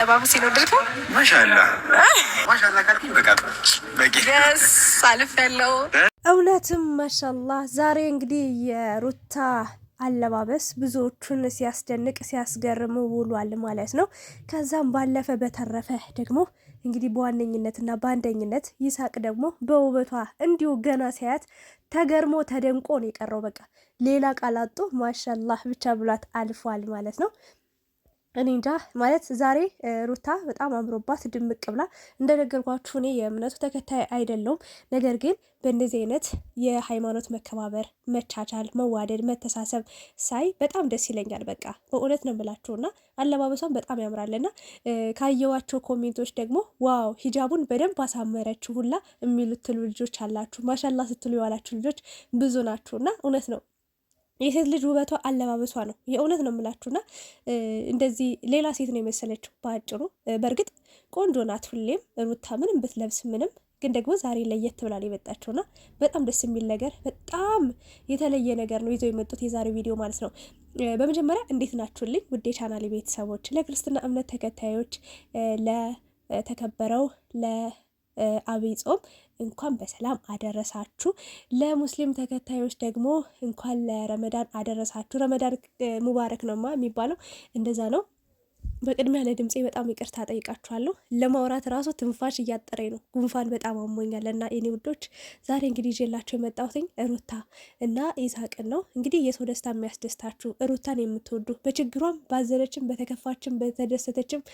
ለባብስ ይወደድከው ማሻላ ማሻላ ካልኩኝ በቃ በጌስ አልፍ ያለው እውነትም ማሻላ። ዛሬ እንግዲህ የሩታ አለባበስ ብዙዎቹን ሲያስደንቅ ሲያስገርም ውሏል ማለት ነው። ከዛም ባለፈ በተረፈ ደግሞ እንግዲህ በዋነኝነትና በአንደኝነት ይሳቅ ደግሞ በውበቷ እንዲሁ ገና ሲያያት ተገርሞ ተደንቆ ነው የቀረው። በቃ ሌላ ቃል አጥቶ ማሻላህ ብቻ ብሏት አልፏል ማለት ነው። እኔ እንጃ ማለት ዛሬ ሩታ በጣም አምሮባት ድምቅ ብላ እንደነገርኳችሁ እኔ የእምነቱ ተከታይ አይደለውም። ነገር ግን በእንደዚህ አይነት የሃይማኖት መከባበር፣ መቻቻል፣ መዋደድ፣ መተሳሰብ ሳይ በጣም ደስ ይለኛል። በቃ በእውነት ነው እና አለባበሷን በጣም ያምራልና ካየዋቸው ኮሜንቶች ደግሞ ዋው ሂጃቡን በደንብ አሳመረችሁ ሁላ የሚሉትሉ ልጆች አላችሁ። ማሻላ ስትሉ የዋላችሁ ልጆች ብዙ እና እውነት ነው የሴት ልጅ ውበቷ አለባበሷ ነው። የእውነት ነው የምላችሁና እንደዚህ ሌላ ሴት ነው የመሰለችው በአጭሩ። በእርግጥ ቆንጆ ናት ሁሌም ሩታ ምንም ብትለብስ ምንም ግን ደግሞ ዛሬ ለየት ብላል የመጣቸውና በጣም ደስ የሚል ነገር በጣም የተለየ ነገር ነው ይዘው የመጡት የዛሬ ቪዲዮ ማለት ነው። በመጀመሪያ እንዴት ናችሁልኝ ውዴ ቻናል ቤተሰቦች፣ ለክርስትና እምነት ተከታዮች፣ ለተከበረው ለ አብይ ጾም እንኳን በሰላም አደረሳችሁ። ለሙስሊም ተከታዮች ደግሞ እንኳን ለረመዳን አደረሳችሁ። ረመዳን ሙባረክ ነውማ የሚባለው እንደዛ ነው። በቅድሚያ ለድምፄ በጣም ይቅርታ ጠይቃችኋለሁ። ለማውራት ራሱ ትንፋሽ እያጠረኝ ነው። ጉንፋን በጣም አሞኛል እና የኔ ውዶች ዛሬ እንግዲህ ይዤላቸው የመጣሁትኝ ሩታ እና ይሳቅን ነው። እንግዲህ የሰው ደስታ የሚያስደስታችሁ ሩታን የምትወዱ በችግሯም፣ ባዘነችም፣ በተከፋችም፣ በተደሰተችም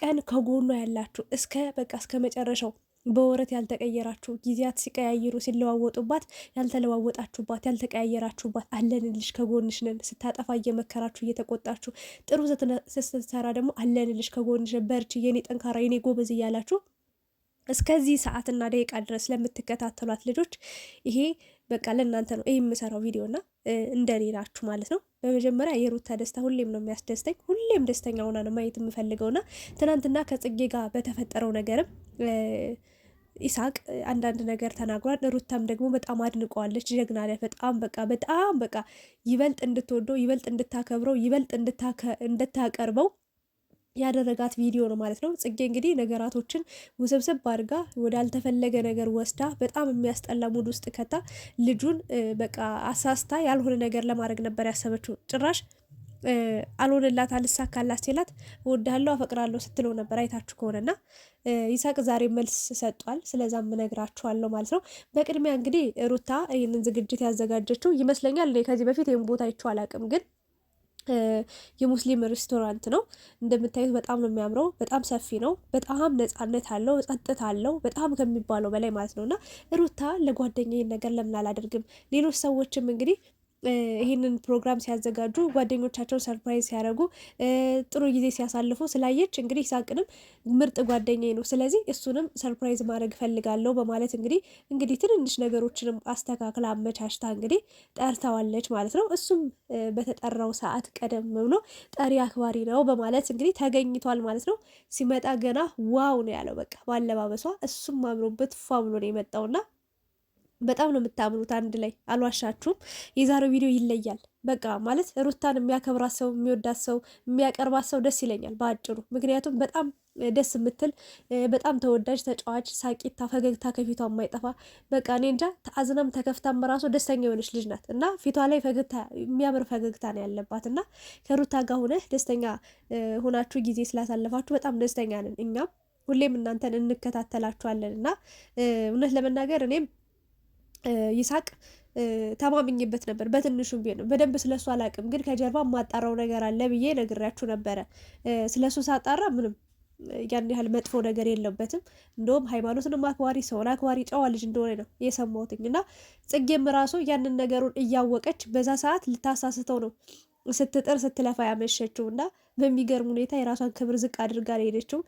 ቀን ከጎኗ ያላችሁ እስከ በቃ እስከ መጨረሻው በወረት ያልተቀየራችሁ ጊዜያት ሲቀያየሩ ሲለዋወጡባት ያልተለዋወጣችሁባት ያልተቀያየራችሁባት አለንልሽ ከጎንሽ ነን ስታጠፋ እየመከራችሁ እየተቆጣችሁ ጥሩ ስትሰራ ደግሞ አለንልሽ ከጎንሽ ነን በርቺ፣ የኔ ጠንካራ፣ የኔ ጎበዝ እያላችሁ እስከዚህ ሰዓትና ደቂቃ ድረስ ለምትከታተሏት ልጆች ይሄ በቃ ለእናንተ ነው ይህ የምሰራው ቪዲዮ እና እንደኔ ናችሁ ማለት ነው። በመጀመሪያ የሩታ ደስታ ሁሌም ነው የሚያስደስተኝ። ሁሌም ደስተኛ ሆና ነው ማየት የምፈልገውና ትናንትና ከጽጌ ጋር በተፈጠረው ነገርም ኢሳቅ አንዳንድ ነገር ተናግሯል። ሩታም ደግሞ በጣም አድንቀዋለች። ጀግና በጣም በቃ በጣም በቃ ይበልጥ እንድትወደው ይበልጥ እንድታከብረው ይበልጥ እንድታቀርበው ያደረጋት ቪዲዮ ነው ማለት ነው። ጽጌ እንግዲህ ነገራቶችን ውስብስብ አድርጋ ወዳልተፈለገ ነገር ወስዳ በጣም የሚያስጠላ ሙድ ውስጥ ከታ ልጁን በቃ አሳስታ ያልሆነ ነገር ለማድረግ ነበር ያሰበችው ጭራሽ አልሆነላት አልሳካላት ሲላት እወድሃለሁ አፈቅራለሁ ስትለው ነበር አይታችሁ ከሆነና ይሳቅ ዛሬ መልስ ሰጧል። ስለዛም እነግራችኋለሁ ማለት ነው። በቅድሚያ እንግዲህ ሩታ ይህንን ዝግጅት ያዘጋጀችው ይመስለኛል። ከዚህ በፊት ይህን ቦታ አይቼው አላውቅም ግን የሙስሊም ሬስቶራንት ነው እንደምታዩት። በጣም ነው የሚያምረው። በጣም ሰፊ ነው። በጣም ነጻነት አለው፣ ጸጥታ አለው፣ በጣም ከሚባለው በላይ ማለት ነው። እና ሩታ ለጓደኛ ይህን ነገር ለምን አላደርግም? ሌሎች ሰዎችም እንግዲህ ይህንን ፕሮግራም ሲያዘጋጁ ጓደኞቻቸውን ሰርፕራይዝ ሲያደርጉ ጥሩ ጊዜ ሲያሳልፉ ስላየች እንግዲህ ይሳቅንም ምርጥ ጓደኛ ነው፣ ስለዚህ እሱንም ሰርፕራይዝ ማድረግ እፈልጋለሁ በማለት እንግዲህ እንግዲህ ትንንሽ ነገሮችንም አስተካክላ አመቻችታ እንግዲህ ጠርተዋለች ማለት ነው። እሱም በተጠራው ሰዓት ቀደም ብሎ ጠሪ አክባሪ ነው በማለት እንግዲህ ተገኝቷል ማለት ነው። ሲመጣ ገና ዋው ነው ያለው በቃ ባለባበሷ እሱም አምሮበት ፏ ብሎ ነው የመጣውና በጣም ነው የምታምሩት አንድ ላይ አልዋሻችሁም። የዛሬው ቪዲዮ ይለያል። በቃ ማለት ሩታን የሚያከብራት ሰው የሚወዳት ሰው የሚያቀርባት ሰው ደስ ይለኛል በአጭሩ። ምክንያቱም በጣም ደስ የምትል በጣም ተወዳጅ ተጫዋች፣ ሳቂታ፣ ፈገግታ ከፊቷ የማይጠፋ በቃ እኔ እንጃ አዝናም ተከፍታም ራሱ ደስተኛ የሆነች ልጅ ናት እና ፊቷ ላይ ፈገግታ የሚያምር ፈገግታ ነው ያለባት እና ከሩታ ጋር ሆነ ደስተኛ ሆናችሁ ጊዜ ስላሳለፋችሁ በጣም ደስተኛ ነን እኛም ሁሌም እናንተን እንከታተላችኋለን እና እውነት ለመናገር እኔም ይሳቅ ተማምኝበት ነበር። በትንሹም ቢሆን በደንብ ስለሱ አላቅም፣ ግን ከጀርባ የማጣራው ነገር አለ ብዬ ነግሬያችሁ ነበረ። ስለሱ ሳጣራ ምንም ያን ያህል መጥፎ ነገር የለበትም። እንደውም ሃይማኖትንም አክባሪ፣ ሰውን አክባሪ ጨዋ ልጅ እንደሆነ ነው የሰማሁትኝ እና ጽጌም ራሱ ያንን ነገሩን እያወቀች በዛ ሰዓት ልታሳስተው ነው ስትጥር ስትለፋ ያመሸችው እና በሚገርም ሁኔታ የራሷን ክብር ዝቅ አድርጋ ነው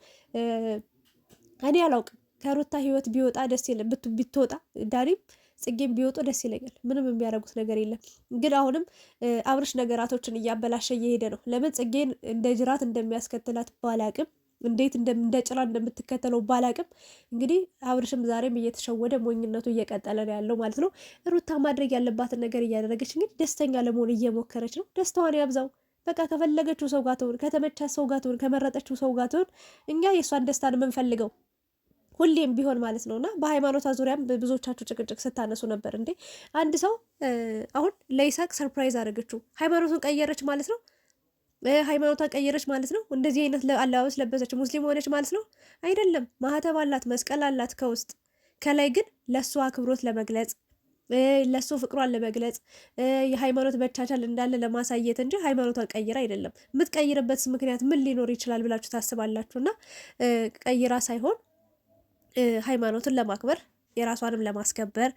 እኔ አላውቅም ከሩታ ህይወት ቢወጣ ደስ የለም ብትወጣ ዳኒም ጽጌም ቢወጡ ደስ ይለኛል። ምንም የሚያደርጉት ነገር የለም። ግን አሁንም አብርሽ ነገራቶችን እያበላሸ እየሄደ ነው። ለምን ጽጌን እንደ ጅራት እንደሚያስከትላት ባላቅም እንዴት እንደ ጭራ እንደምትከተለው ባላቅም፣ እንግዲህ አብርሽም ዛሬም እየተሸወደ ሞኝነቱ እየቀጠለ ነው ያለው ማለት ነው። ሩታ ማድረግ ያለባትን ነገር እያደረገች እንግዲህ ደስተኛ ለመሆን እየሞከረች ነው። ደስታዋን ያብዛው። በቃ ከፈለገችው ሰው ጋር ትሆን፣ ከተመቻት ሰው ጋር ትሆን፣ ከመረጠችው ሰው ጋር ትሆን። እኛ የእሷን ደስታን የምንፈልገው ሁሌም ቢሆን ማለት እና በሃይማኖቷ ዙሪያም ብዙዎቻችሁ ጭቅጭቅ ስታነሱ ነበር። እንዴ አንድ ሰው አሁን ለይሳቅ ሰርፕራይዝ አደረገችው። ሃይማኖቱን ቀየረች ማለት ነው። ሃይማኖቷን ቀየረች ማለት ነው። እንደዚህ አይነት አለባበስ ለበሰች፣ ሙስሊም ሆነች ማለት ነው አይደለም። ማህተብ አላት፣ መስቀል አላት ከውስጥ ከላይ ግን ለእሱ አክብሮት ለመግለጽ ለእሱ ፍቅሯን ለመግለጽ የሃይማኖት መቻቻል እንዳለ ለማሳየት እንጂ ሃይማኖቷን ቀይራ አይደለም። የምትቀይርበት ምክንያት ምን ሊኖር ይችላል ብላችሁ ታስባላችሁ እና ቀይራ ሳይሆን ሃይማኖትን ለማክበር የራሷንም ለማስከበር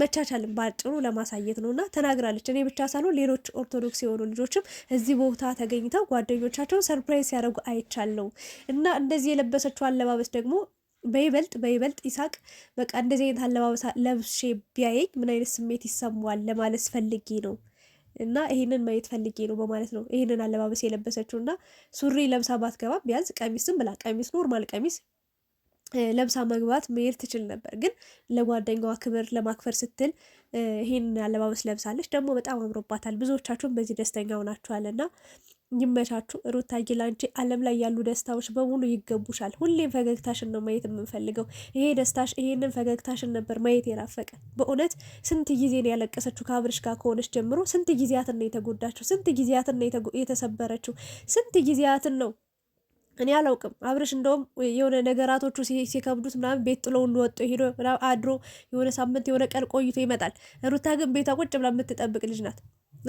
መቻቻልን በአጭሩ ለማሳየት ነው እና ተናግራለች። እኔ ብቻ ሳልሆን ሌሎች ኦርቶዶክስ የሆኑ ልጆችም እዚህ ቦታ ተገኝተው ጓደኞቻቸውን ሰርፕራይዝ ሲያደርጉ አይቻለው እና እንደዚህ የለበሰችው አለባበስ ደግሞ በይበልጥ በይበልጥ ይሳቅ በቃ እንደዚህ አይነት አለባበስ ለብሼ ቢያየኝ ምን አይነት ስሜት ይሰማዋል ለማለት ፈልጌ ነው እና ይህንን ማየት ፈልጌ ነው በማለት ነው ይህንን አለባበስ የለበሰችው። እና ሱሪ ለብሳ ባትገባ ቢያንስ ቀሚስም ብላ ቀሚስ ኖርማል ቀሚስ ለብሳ መግባት መሄድ ትችል ነበር፣ ግን ለጓደኛዋ ክብር ለማክበር ስትል ይህን አለባበስ ለብሳለች። ደግሞ በጣም አምሮባታል። ብዙዎቻችሁም በዚህ ደስተኛ ሆናችኋልና ይመቻችሁ። ሩታዬ ላንቺ ዓለም ላይ ያሉ ደስታዎች በሙሉ ይገቡሻል። ሁሌም ፈገግታሽን ነው ማየት የምንፈልገው። ይሄ ደስታሽ ይሄንን ፈገግታሽን ነበር ማየት የናፈቀ። በእውነት ስንት ጊዜ ነው ያለቀሰችው ከአብርሽ ጋር ከሆነች ጀምሮ? ስንት ጊዜያትን ነው የተጎዳችው? ስንት ጊዜያትን ነው የተሰበረችው? ስንት ጊዜያትን ነው እኔ አላውቅም። አብረሽ እንደውም የሆነ ነገራቶቹ ሲከብዱት ምናምን ቤት ጥለው እንወጡ ሄዶ አድሮ የሆነ ሳምንት የሆነ ቀን ቆይቶ ይመጣል። ሩታ ግን ቤቷ ቁጭ ብላ የምትጠብቅ ልጅ ናት።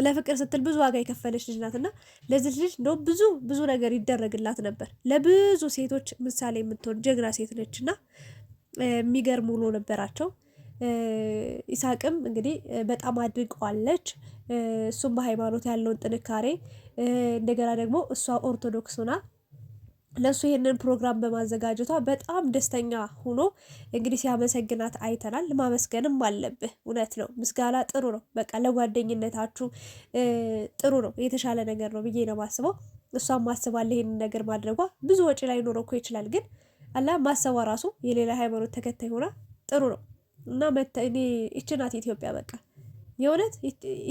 ለፍቅር ስትል ብዙ ዋጋ የከፈለች ልጅ ናት እና ለዚህ ልጅ እንደውም ብዙ ብዙ ነገር ይደረግላት ነበር። ለብዙ ሴቶች ምሳሌ የምትሆን ጀግና ሴት ነች እና የሚገርም ውሎ ነበራቸው። ይሳቅም እንግዲህ በጣም አድንቀዋለች። እሱም በሃይማኖት ያለውን ጥንካሬ እንደገና ደግሞ እሷ ኦርቶዶክስ ሆና ለእሱ ይህንን ፕሮግራም በማዘጋጀቷ በጣም ደስተኛ ሆኖ እንግዲህ ሲያመሰግናት አይተናል። ማመስገንም አለብህ። እውነት ነው። ምስጋና ጥሩ ነው። በቃ ለጓደኝነታችሁ ጥሩ ነው፣ የተሻለ ነገር ነው ብዬ ነው ማስበው። እሷም ማስባለ ይሄንን ነገር ማድረጓ ብዙ ወጪ ላይ ኖረ እኮ ይችላል፣ ግን አላ ማሰቧ ራሱ የሌላ ሃይማኖት ተከታይ ሆና ጥሩ ነው እና እኔ ኢትዮጵያ በቃ የእውነት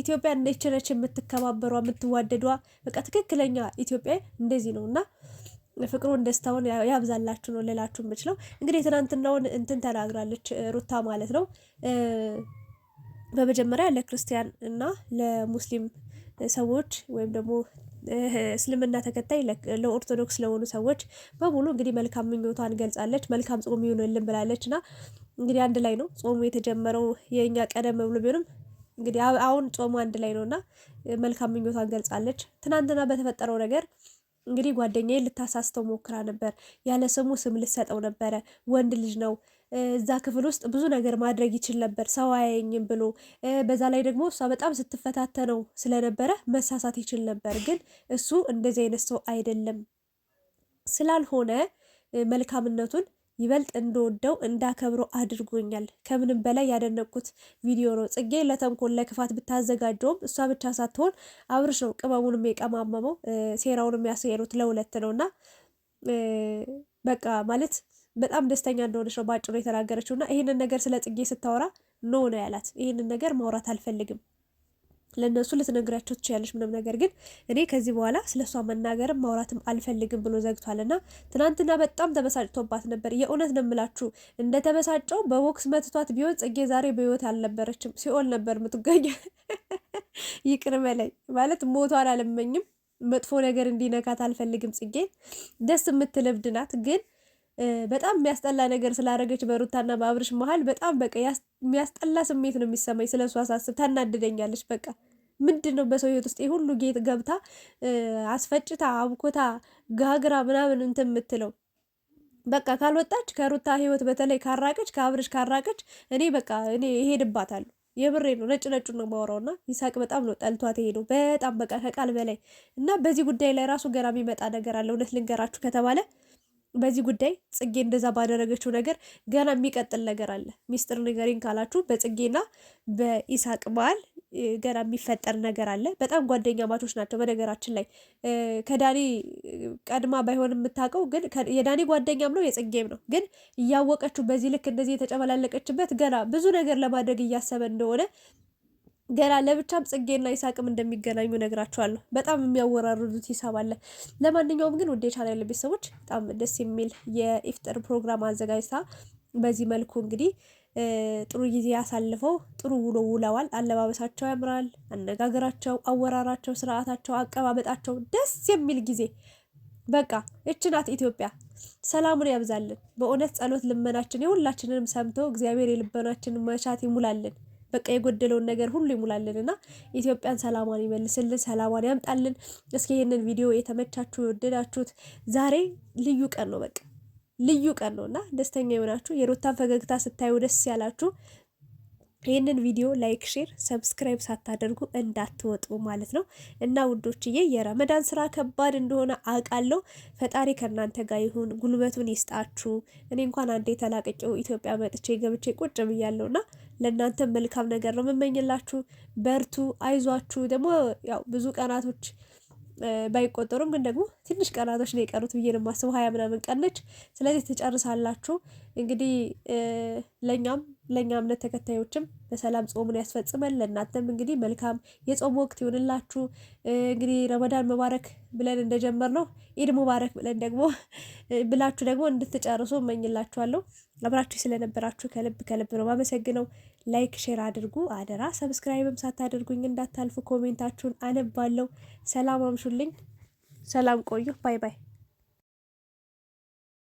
ኢትዮጵያ እንደችነች የምትከባበሯ የምትዋደዷ በቃ ትክክለኛ ኢትዮጵያ እንደዚህ ነው እና ፍቅሩን ደስታውን ያብዛላችሁ ነው ልላችሁ የምችለው። እንግዲህ ትናንትናውን እንትን ተናግራለች ሩታ ማለት ነው። በመጀመሪያ ለክርስቲያን እና ለሙስሊም ሰዎች ወይም ደግሞ እስልምና ተከታይ ለኦርቶዶክስ ለሆኑ ሰዎች በሙሉ እንግዲህ መልካም ምኞቷን ገልጻለች። መልካም ጾም ይሁንልን ብላለች እና እንግዲህ አንድ ላይ ነው ጾሙ የተጀመረው የእኛ ቀደም ብሎ ቢሆንም እንግዲህ አሁን ጾሙ አንድ ላይ ነው እና መልካም ምኞቷን ገልጻለች። ትናንትና በተፈጠረው ነገር እንግዲህ ጓደኛዬ ልታሳስተው ሞክራ ነበር። ያለ ስሙ ስም ልሰጠው ነበረ። ወንድ ልጅ ነው እዛ ክፍል ውስጥ ብዙ ነገር ማድረግ ይችል ነበር ሰው አያየኝም ብሎ በዛ ላይ ደግሞ እሷ በጣም ስትፈታተነው ስለነበረ መሳሳት ይችል ነበር። ግን እሱ እንደዚህ አይነት ሰው አይደለም ስላልሆነ መልካምነቱን ይበልጥ እንደወደው እንዳከብረው አድርጎኛል። ከምንም በላይ ያደነቅኩት ቪዲዮ ነው። ጽጌ ለተንኮል ለክፋት ብታዘጋጀውም እሷ ብቻ ሳትሆን አብርሽ ነው ቅመሙንም የቀማመመው ሴራውን የሚያስሄዱት ለሁለት ነው እና በቃ ማለት በጣም ደስተኛ እንደሆነች ነው በአጭሩ የተናገረችው እና ይህንን ነገር ስለ ጽጌ ስታወራ ኖ ነው ያላት። ይህንን ነገር ማውራት አልፈልግም ለእነሱ ልትነግራቸው ትችላለች ምንም ነገር ግን እኔ ከዚህ በኋላ ስለ እሷ መናገርም ማውራትም አልፈልግም ብሎ ዘግቷልና ትናንትና በጣም ተበሳጭቶባት ነበር። የእውነት ነው የምላችሁ እንደ ተበሳጨው በቦክስ መትቷት ቢሆን ጽጌ ዛሬ በህይወት አልነበረችም፣ ሲኦል ነበር የምትገኘ። ይቅር በለኝ ማለት ሞቷን አልመኝም። መጥፎ ነገር እንዲነካት አልፈልግም። ጽጌ ደስ የምትል እብድ ናት ግን በጣም የሚያስጠላ ነገር ስላደረገች በሩታና በአብርሽ መሀል በጣም በቃ የሚያስጠላ ስሜት ነው የሚሰማኝ። ስለ እሱ አሳስብ ታናድደኛለች። በቃ ምንድን ነው በሰው ህይወት ውስጥ የሁሉ ጌጥ ገብታ አስፈጭታ አብኮታ ጋግራ ምናምን እንትን የምትለው በቃ ካልወጣች ከሩታ ህይወት በተለይ ካራቀች ከአብርሽ ካራቀች እኔ በቃ እኔ እሄድባታለሁ። የብሬ ነው። ነጭ ነጩ ነው የማወራውና ይሳቅ በጣም ነው ጠልቷት ይሄ ነው በጣም በቃ ከቃል በላይ እና በዚህ ጉዳይ ላይ ራሱ ገና የሚመጣ ነገር አለ እውነት ልንገራችሁ ከተባለ በዚህ ጉዳይ ጽጌ እንደዛ ባደረገችው ነገር ገና የሚቀጥል ነገር አለ። ሚስጥር ንገሪን ካላችሁ በጽጌና በኢሳቅ መሀል ገና የሚፈጠር ነገር አለ። በጣም ጓደኛ ማቾች ናቸው። በነገራችን ላይ ከዳኒ ቀድማ ባይሆን የምታውቀው ግን የዳኒ ጓደኛም ነው የጽጌም ነው። ግን እያወቀችው በዚህ ልክ እንደዚህ የተጨመላለቀችበት ገና ብዙ ነገር ለማድረግ እያሰበ እንደሆነ ገና ለብቻም ጽጌና ይሳቅም እንደሚገናኙ ነግራቸዋለሁ። በጣም የሚያወራርዱት ሂሳብ አለ። ለማንኛውም ግን ውዴ ቻናል ቤተሰቦች በጣም ደስ የሚል የኢፍጥር ፕሮግራም አዘጋጅታ በዚህ መልኩ እንግዲህ ጥሩ ጊዜ አሳልፈው ጥሩ ውሎ ውለዋል። አለባበሳቸው ያምራል። አነጋገራቸው፣ አወራራቸው፣ ስርዓታቸው፣ አቀባበጣቸው ደስ የሚል ጊዜ በቃ እችናት ኢትዮጵያ። ሰላሙን ያብዛልን። በእውነት ጸሎት ልመናችን የሁላችንንም ሰምተው እግዚአብሔር የልበናችንን መሻት ይሙላልን። በቃ የጎደለውን ነገር ሁሉ ይሙላልን እና ኢትዮጵያን ሰላሟን ይመልስልን፣ ሰላሟን ያምጣልን። እስኪ ይህንን ቪዲዮ የተመቻችሁ የወደዳችሁት ዛሬ ልዩ ቀን ነው፣ በቃ ልዩ ቀን ነው እና ደስተኛ የሆናችሁ የሩታን ፈገግታ ስታዩ ደስ ያላችሁ ይህንን ቪዲዮ ላይክ፣ ሼር፣ ሰብስክራይብ ሳታደርጉ እንዳትወጡ ማለት ነው። እና ውዶችዬ የረመዳን ስራ ከባድ እንደሆነ አውቃለሁ። ፈጣሪ ከእናንተ ጋር ይሁን፣ ጉልበቱን ይስጣችሁ። እኔ እንኳን አንዴ ተላቅቄው ኢትዮጵያ መጥቼ ገብቼ ቁጭ ብያለሁ እና ለእናንተ መልካም ነገር ነው የምመኝላችሁ። በርቱ፣ አይዟችሁ። ደግሞ ያው ብዙ ቀናቶች ባይቆጠሩም ግን ደግሞ ትንሽ ቀናቶች ነው የቀሩት ብዬ ነው የማስበው። ሀያ ምናምን ቀን ነች። ስለዚህ ትጨርሳላችሁ እንግዲህ ለእኛም ለእኛ እምነት ተከታዮችም በሰላም ጾሙን ያስፈጽመን። ለእናንተም እንግዲህ መልካም የጾም ወቅት ይሆንላችሁ። እንግዲህ ረመዳን መባረክ ብለን እንደጀመር ነው ኢድ ሙባረክ ብለን ደግሞ ብላችሁ ደግሞ እንድትጨርሱ እመኝላችኋለሁ። አብራችሁ ስለነበራችሁ ከልብ ከልብ ነው ማመሰግነው። ላይክ ሼር አድርጉ አደራ። ሰብስክራይብም ሳታደርጉኝ እንዳታልፉ። ኮሜንታችሁን አነባለሁ። ሰላም አምሹልኝ። ሰላም ቆዩ። ባይ ባይ።